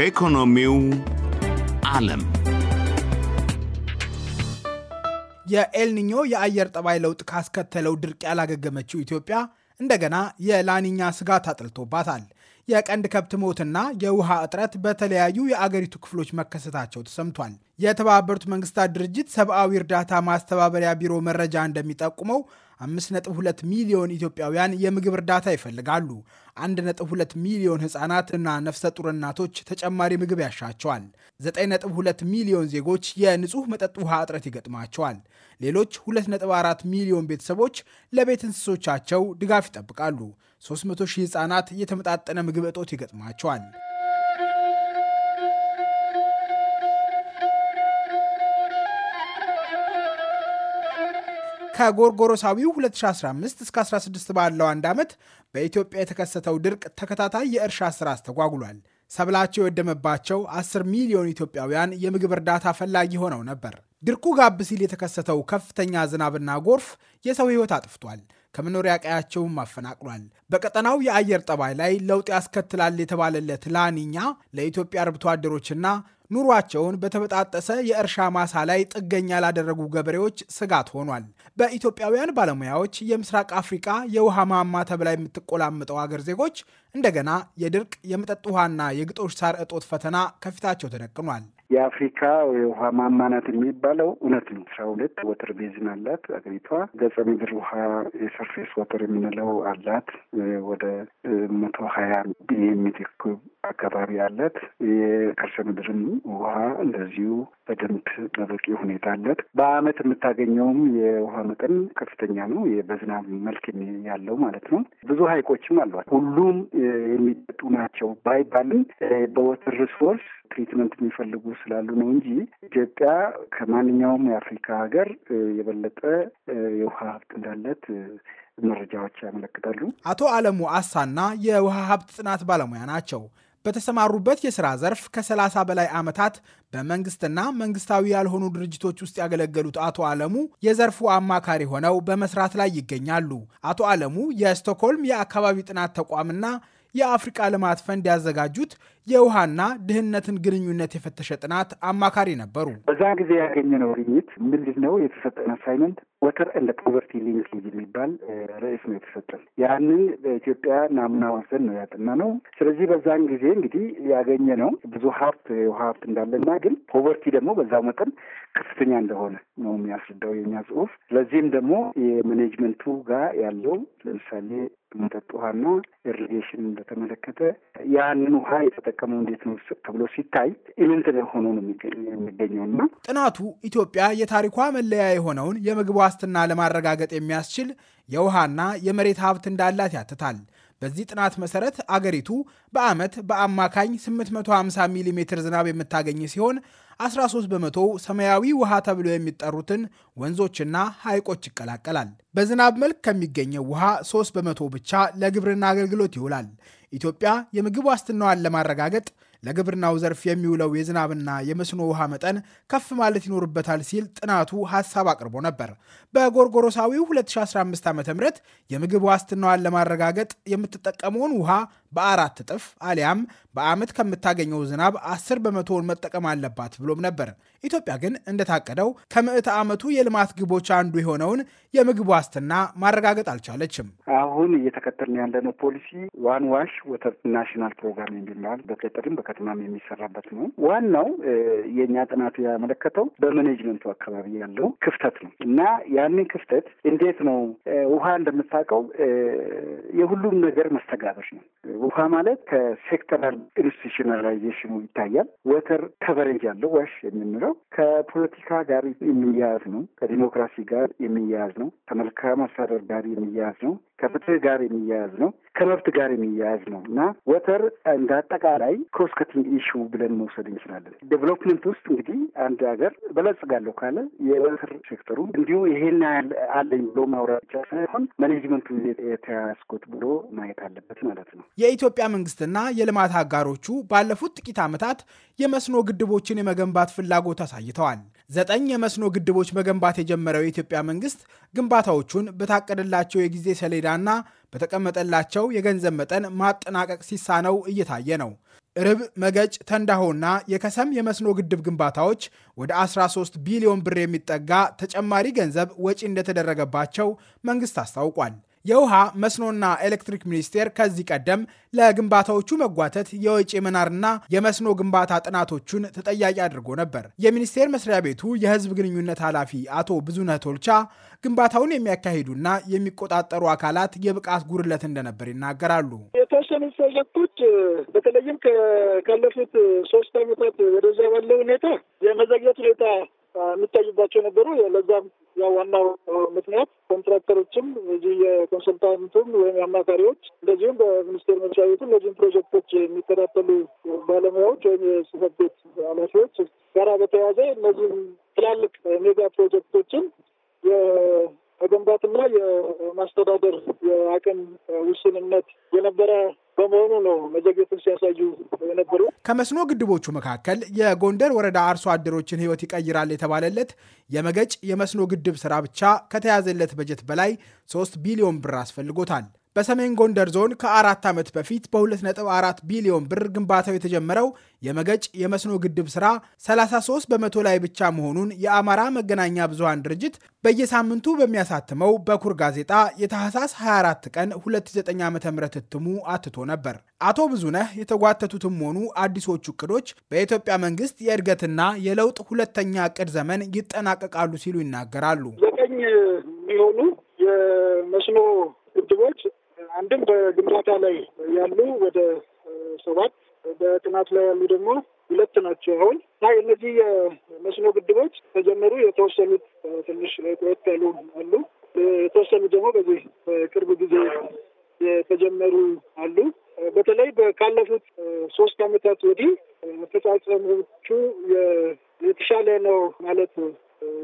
ከኢኮኖሚው ዓለም የኤልኒኞ የአየር ጠባይ ለውጥ ካስከተለው ድርቅ ያላገገመችው ኢትዮጵያ እንደገና የላኒኛ ስጋት አጥልቶባታል። የቀንድ ከብት ሞትና የውሃ እጥረት በተለያዩ የአገሪቱ ክፍሎች መከሰታቸው ተሰምቷል። የተባበሩት መንግስታት ድርጅት ሰብአዊ እርዳታ ማስተባበሪያ ቢሮ መረጃ እንደሚጠቁመው 5.2 ሚሊዮን ኢትዮጵያውያን የምግብ እርዳታ ይፈልጋሉ። 1.2 ሚሊዮን እና ነፍሰ ጡር እናቶች ተጨማሪ ምግብ ያሻቸዋል። 9.2 ሚሊዮን ዜጎች የንጹህ መጠጥ ውሃ እጥረት ይገጥማቸዋል። ሌሎች 2.4 ሚሊዮን ቤተሰቦች ለቤት እንስሶቻቸው ድጋፍ ይጠብቃሉ። 300 ሺህ ህጻናት የተመጣጠነ ምግብ እጦት ይገጥማቸዋል። ከጎርጎሮሳዊው 2015 እስከ 16 ባለው አንድ ዓመት በኢትዮጵያ የተከሰተው ድርቅ ተከታታይ የእርሻ ስራ አስተጓጉሏል። ሰብላቸው የወደመባቸው 10 ሚሊዮን ኢትዮጵያውያን የምግብ እርዳታ ፈላጊ ሆነው ነበር። ድርቁ ጋብ ሲል የተከሰተው ከፍተኛ ዝናብና ጎርፍ የሰው ሕይወት አጥፍቷል። ከመኖሪያ ቀያቸውም አፈናቅሏል። በቀጠናው የአየር ጠባይ ላይ ለውጥ ያስከትላል የተባለለት ላኒኛ ለኢትዮጵያ አርብቶ አደሮችና ኑሯቸውን በተበጣጠሰ የእርሻ ማሳ ላይ ጥገኛ ላደረጉ ገበሬዎች ስጋት ሆኗል። በኢትዮጵያውያን ባለሙያዎች የምስራቅ አፍሪካ የውሃ ማማ ተብላ የምትቆላምጠው አገር ዜጎች እንደገና የድርቅ የመጠጥ ውሃና የግጦሽ ሳር እጦት ፈተና ከፊታቸው ተደቅኗል። የአፍሪካ የውሃ ማማናት የሚባለው እውነት ነው። አስራ ሁለት ወተር ቤዝን አላት አገሪቷ። ገጸ ምድር ውሃ የሰርፌስ ወተር የምንለው አላት ወደ መቶ ሀያ ቢሊዮን ሜትር ኩብ አካባቢ አለት። የከርሰ ምድርም ውሃ እንደዚሁ በደንብ በበቂ ሁኔታ አለት። በአመት የምታገኘውም የውሃ መጠን ከፍተኛ ነው፣ በዝናብ መልክ ያለው ማለት ነው። ብዙ ሀይቆችም አሏት። ሁሉም የሚጠጡ ናቸው ባይባልም በወተር ሪሶርስ ትሪትመንት የሚፈልጉ ስላሉ ነው እንጂ ኢትዮጵያ ከማንኛውም የአፍሪካ ሀገር የበለጠ የውሃ ሀብት እንዳለት መረጃዎች ያመለክታሉ። አቶ አለሙ አሳና የውሃ ሀብት ጥናት ባለሙያ ናቸው። በተሰማሩበት የሥራ ዘርፍ ከ30 በላይ ዓመታት በመንግስትና መንግስታዊ ያልሆኑ ድርጅቶች ውስጥ ያገለገሉት አቶ አለሙ የዘርፉ አማካሪ ሆነው በመስራት ላይ ይገኛሉ። አቶ አለሙ የስቶክሆልም የአካባቢ ጥናት ተቋምና የአፍሪቃ ልማት ፈንድ ያዘጋጁት የውሃና ድህነትን ግንኙነት የፈተሸ ጥናት አማካሪ ነበሩ። በዛ ጊዜ ያገኘነው ግኝት ምንድን ነው? የተሰጠን አሳይመንት ወተር እንደ ፖቨርቲ ሊንክ የሚባል ርዕስ ነው የተሰጠን። ያንን በኢትዮጵያ ናሙና ወሰን ነው ያጠና ነው። ስለዚህ በዛን ጊዜ እንግዲህ ያገኘነው ብዙ ሀብት የውሃ ሀብት እንዳለና ግን ፖቨርቲ ደግሞ በዛው መጠን ከፍተኛ እንደሆነ ነው የሚያስረዳው የኛ ጽሁፍ። ስለዚህም ደግሞ የማኔጅመንቱ ጋር ያለው ለምሳሌ መጠጥ ውሃና ኢሪጌሽን በተመለከተ ያንን ውሃ የተጠቀ የሚጠቀመው እንዴት ነው ተብሎ ሲታይ ኢምንት ሆኖ ነው የሚገኘው እና ጥናቱ ኢትዮጵያ የታሪኳ መለያ የሆነውን የምግብ ዋስትና ለማረጋገጥ የሚያስችል የውሃና የመሬት ሀብት እንዳላት ያትታል። በዚህ ጥናት መሰረት አገሪቱ በዓመት በአማካኝ 850 ሚሊ ሜትር ዝናብ የምታገኝ ሲሆን 13 በመቶ ሰማያዊ ውሃ ተብሎ የሚጠሩትን ወንዞችና ሐይቆች ይቀላቀላል። በዝናብ መልክ ከሚገኘው ውሃ 3 በመቶ ብቻ ለግብርና አገልግሎት ይውላል። ኢትዮጵያ የምግብ ዋስትናዋን ለማረጋገጥ ለግብርናው ዘርፍ የሚውለው የዝናብና የመስኖ ውሃ መጠን ከፍ ማለት ይኖርበታል ሲል ጥናቱ ሀሳብ አቅርቦ ነበር። በጎርጎሮሳዊው 2015 ዓ ም የምግብ ዋስትናዋን ለማረጋገጥ የምትጠቀመውን ውሃ በአራት እጥፍ አሊያም በዓመት ከምታገኘው ዝናብ አስር በመቶውን መጠቀም አለባት ብሎም ነበር። ኢትዮጵያ ግን እንደታቀደው ከምዕተ ዓመቱ የልማት ግቦች አንዱ የሆነውን የምግብ ዋስትና ማረጋገጥ አልቻለችም። አሁን እየተከተልን ያለነው ፖሊሲ ዋን ዋሽ ወተር ናሽናል ፕሮግራም የሚባል በገጠርም በከተማም የሚሰራበት ነው። ዋናው የእኛ ጥናቱ ያመለከተው በመኔጅመንቱ አካባቢ ያለው ክፍተት ነው እና ያንን ክፍተት እንዴት ነው ውሃ እንደምታውቀው የሁሉም ነገር መስተጋበር ነው። ውሃ ማለት ከሴክተራል ሪስክ ኢንስቲቱሽናላይዜሽኑ ይታያል። ወተር ከቨሬጅ ያለው ዋሽ የምንለው ከፖለቲካ ጋር የሚያያዝ ነው። ከዲሞክራሲ ጋር የሚያያዝ ነው። ከመልካም አስተዳደር ጋር የሚያያዝ ነው። ከፍትህ ጋር የሚያያዝ ነው። ከመብት ጋር የሚያያዝ ነው እና ወተር እንደ አጠቃላይ ክሮስ ከቲንግ ኢሹ ብለን መውሰድ እንችላለን። ዴቨሎፕመንት ውስጥ እንግዲህ አንድ ሀገር በለጽጋለሁ ካለ የወተር ሴክተሩ እንዲሁ ይሄን አለኝ ብሎ ማውራት ብቻ ሳይሆን ማኔጅመንቱ የተያያዝኩት ብሎ ማየት አለበት ማለት ነው። የኢትዮጵያ መንግስትና የልማት አጋሮቹ ባለፉት ጥቂት ዓመታት የመስኖ ግድቦችን የመገንባት ፍላጎት አሳይተዋል። ዘጠኝ የመስኖ ግድቦች መገንባት የጀመረው የኢትዮጵያ መንግስት ግንባታዎቹን በታቀደላቸው የጊዜ ሰሌዳና በተቀመጠላቸው የገንዘብ መጠን ማጠናቀቅ ሲሳነው እየታየ ነው። ርብ፣ መገጭ፣ ተንዳሆና የከሰም የመስኖ ግድብ ግንባታዎች ወደ 13 ቢሊዮን ብር የሚጠጋ ተጨማሪ ገንዘብ ወጪ እንደተደረገባቸው መንግስት አስታውቋል። የውሃ መስኖና ኤሌክትሪክ ሚኒስቴር ከዚህ ቀደም ለግንባታዎቹ መጓተት የወጪ መናርና የመስኖ ግንባታ ጥናቶቹን ተጠያቂ አድርጎ ነበር። የሚኒስቴር መስሪያ ቤቱ የህዝብ ግንኙነት ኃላፊ አቶ ብዙነህ ቶልቻ ግንባታውን የሚያካሂዱና የሚቆጣጠሩ አካላት የብቃት ጉድለት እንደነበር ይናገራሉ። የተወሰኑት ፕሮጀክቶች በተለይም ካለፉት ሶስት አመታት ወደዛ ባለው ሁኔታ የመዘግየት ሁኔታ የሚታይባቸው ነበሩ። ለዛም ያው ዋናው ምክንያት ኮንትራክተሮችም እዚህ የኮንሰልታንቱም ወይም አማካሪዎች እንደዚሁም በሚኒስቴር መስሪያ ቤቱ እነዚህም ፕሮጀክቶች የሚከታተሉ ባለሙያዎች ወይም የጽህፈት ቤት ኃላፊዎች ጋራ በተያያዘ እነዚህም ትላልቅ ሜጋ ፕሮጀክቶችን የመገንባትና የማስተዳደር የአቅም ውስንነት የነበረ በመሆኑ ነው መዘግየቱን ሲያሳዩ የነበሩ። ከመስኖ ግድቦቹ መካከል የጎንደር ወረዳ አርሶ አደሮችን ሕይወት ይቀይራል የተባለለት የመገጭ የመስኖ ግድብ ስራ ብቻ ከተያዘለት በጀት በላይ ሶስት ቢሊዮን ብር አስፈልጎታል። በሰሜን ጎንደር ዞን ከአራት ዓመት በፊት በ2.4 ቢሊዮን ብር ግንባታው የተጀመረው የመገጭ የመስኖ ግድብ ሥራ 33 በመቶ ላይ ብቻ መሆኑን የአማራ መገናኛ ብዙሃን ድርጅት በየሳምንቱ በሚያሳትመው በኩር ጋዜጣ የታህሳስ 24 ቀን 29 ዓ ም እትሙ አትቶ ነበር። አቶ ብዙነህ የተጓተቱትም ሆኑ አዲሶቹ እቅዶች በኢትዮጵያ መንግስት የእድገትና የለውጥ ሁለተኛ እቅድ ዘመን ይጠናቀቃሉ ሲሉ ይናገራሉ። ዘጠኝ የሚሆኑ የመስኖ ግድቦች አንድም በግንባታ ላይ ያሉ ወደ ሰባት በጥናት ላይ ያሉ ደግሞ ሁለት ናቸው። አሁን እና እነዚህ የመስኖ ግድቦች ተጀመሩ። የተወሰኑት ትንሽ ቆየት ያሉ አሉ። የተወሰኑት ደግሞ በዚህ በቅርብ ጊዜ የተጀመሩ አሉ። በተለይ ካለፉት ሶስት ዓመታት ወዲህ አፈጻጸሞቹ የተሻለ ነው ማለት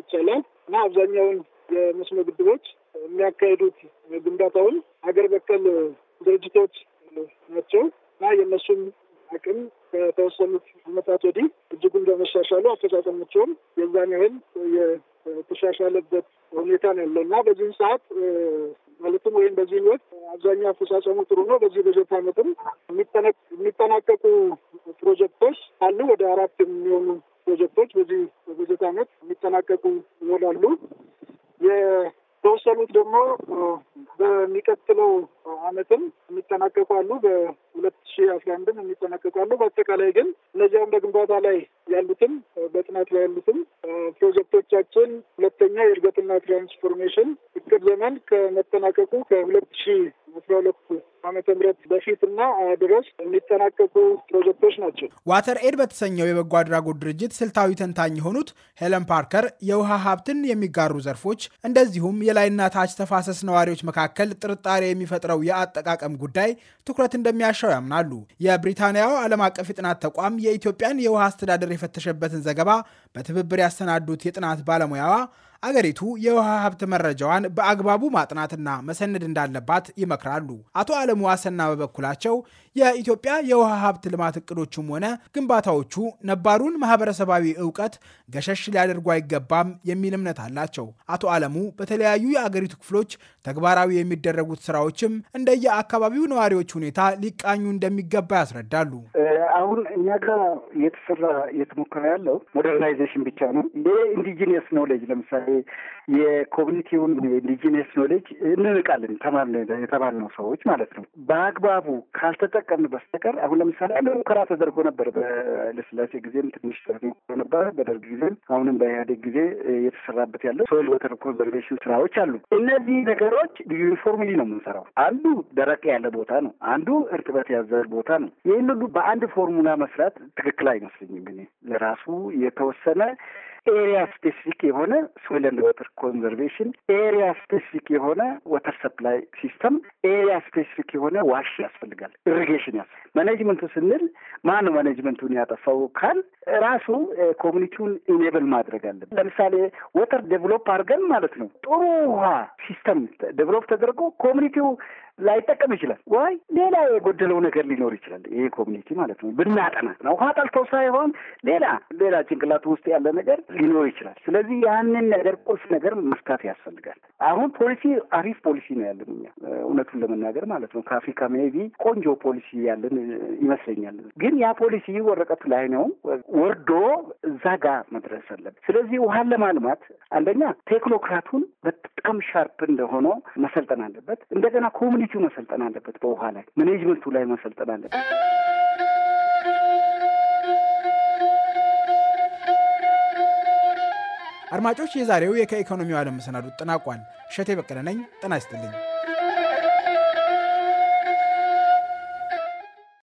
ይቻላል እና አብዛኛውን የመስኖ ግድቦች የሚያካሂዱት ግንባታውን ሀገር በቀል ድርጅቶች ናቸው እና የእነሱም አቅም ከተወሰኑት ዓመታት ወዲህ እጅጉን በመሻሻሉ አፈጻጸማቸውም የዛን ያህል የተሻሻለበት ሁኔታ ነው ያለው እና በዚህም ሰዓት ማለትም ወይም በዚህ ወቅት አብዛኛው አፈጻጸሙ ጥሩ ነው። በዚህ በጀት ዓመትም የሚጠናቀቁ ፕሮጀክቶች አሉ። ወደ አራት የሚሆኑ ፕሮጀክቶች በዚህ በጀት ዓመት የሚጠናቀቁ ይሆናሉ። ደግሞ በሚቀጥለው አመትም የሚጠናቀቁ አሉ። በሁለት ሺ አስራ አንድም የሚጠናቀቁ አሉ። በአጠቃላይ ግን እነዚያም በግንባታ ላይ ያሉትም በጥናት ላይ ያሉትም ፕሮጀክቶቻችን ሁለተኛ የእድገትና ትራንስፎርሜሽን እቅድ ዘመን ከመጠናቀቁ ከሁለት ሺ አስራ ሁለት ዓመተ ምህረት በፊት እና ድረስ የሚጠናቀቁ ፕሮጀክቶች ናቸው። ዋተር ኤድ በተሰኘው የበጎ አድራጎት ድርጅት ስልታዊ ተንታኝ የሆኑት ሄለን ፓርከር የውሃ ሀብትን የሚጋሩ ዘርፎች እንደዚሁም የላይና ታች ተፋሰስ ነዋሪዎች መካከል ጥርጣሬ የሚፈጥረው የአጠቃቀም ጉዳይ ትኩረት እንደሚያሻው ያምናሉ። የብሪታንያው ዓለም አቀፍ የጥናት ተቋም የኢትዮጵያን የውሃ አስተዳደር የፈተሸበትን ዘገባ በትብብር ያሰናዱት የጥናት ባለሙያዋ አገሪቱ የውሃ ሀብት መረጃዋን በአግባቡ ማጥናትና መሰነድ እንዳለባት ይመክራሉ። አቶ አለሙ ዋሰና በበኩላቸው የኢትዮጵያ የውሃ ሀብት ልማት እቅዶቹም ሆነ ግንባታዎቹ ነባሩን ማህበረሰባዊ እውቀት ገሸሽ ሊያደርጉ አይገባም የሚል እምነት አላቸው። አቶ አለሙ በተለያዩ የአገሪቱ ክፍሎች ተግባራዊ የሚደረጉት ስራዎችም እንደየአካባቢው ነዋሪዎች ሁኔታ ሊቃኙ እንደሚገባ ያስረዳሉ። አሁን እኛ ጋር እየተሰራ እየተሞከረ ያለው ሞደርናይዜሽን ብቻ ነው። የኢንዲጂኒየስ ኖሌጅ ለምሳሌ የኮሚኒቲውን ኢንዲጂኒየስ ኖሌጅ እንንቃለን የተባልነው ሰዎች ማለት ነው በአግባቡ ካልተጠ ካልተጠቀምን በስተቀር አሁን ለምሳሌ አንድ ሙከራ ተደርጎ ነበር። በለስላሴ ጊዜም ትንሽ ተሞክሮ ነበር። በደርግ ጊዜም አሁንም በኢህአዴግ ጊዜ የተሰራበት ያለው ሶይል ወተር ኮንዘርቬሽን ስራዎች አሉ። እነዚህ ነገሮች ዩኒፎርምሊ ነው የምንሰራው። አንዱ ደረቅ ያለ ቦታ ነው፣ አንዱ እርጥበት ያዘ ቦታ ነው። ይህን ሁሉ በአንድ ፎርሙላ መስራት ትክክል አይመስለኝም። ግን ለራሱ የተወሰነ ኤሪያ ስፔሲፊክ የሆነ ሶይል ወተር ኮንዘርቬሽን፣ ኤሪያ ስፔሲፊክ የሆነ ወተር ሰፕላይ ሲስተም፣ ኤሪያ ስፔሲፊክ የሆነ ዋሽ ያስፈልጋል፣ ኢሪጌሽን ያስፈልጋል። ማኔጅመንቱ ስንል ማን ማኔጅመንቱን ያጠፋው ካል ራሱ ኮሚኒቲውን ኢኔብል ማድረግ አለብን። ለምሳሌ ወተር ዴቨሎፕ አድርገን ማለት ነው ጥሩ ውሃ ሲስተም ዴቨሎፕ ተደርጎ ኮሚኒቲው ላይጠቀም ይችላል ወይ ሌላ የጎደለው ነገር ሊኖር ይችላል። ይሄ ኮሚኒቲ ማለት ነው ብናጠና ነው ውሃ ጠልተው ሳይሆን ሌላ ሌላ ጭንቅላት ውስጥ ያለ ነገር ሊኖር ይችላል። ስለዚህ ያንን ነገር ቁልፍ ነገር መፍታት ያስፈልጋል። አሁን ፖሊሲ አሪፍ ፖሊሲ ነው ያለን እኛ እውነቱን ለመናገር ማለት ነው ከአፍሪካ ሜቢ ቆንጆ ፖሊሲ ያለን ይመስለኛል። ግን ያ ፖሊሲ ወረቀቱ ላይ ነው ወርዶ እዛ ጋር መድረስ አለብን። ስለዚህ ውሃን ለማልማት አንደኛ ቴክኖክራቱን በጣም ሻርፕ እንደሆነ መሰልጠን አለበት። እንደገና ኮሚኒ ልጁ መሰልጠን አለበት። በውሃ ላይ ማኔጅመንቱ ላይ መሰልጠን አለበት። አድማጮች፣ የዛሬው የከኢኮኖሚው ዓለም መሰናዱ ጠናቋል። እሸቴ በቀለ ነኝ። ጤና ይስጥልኝ።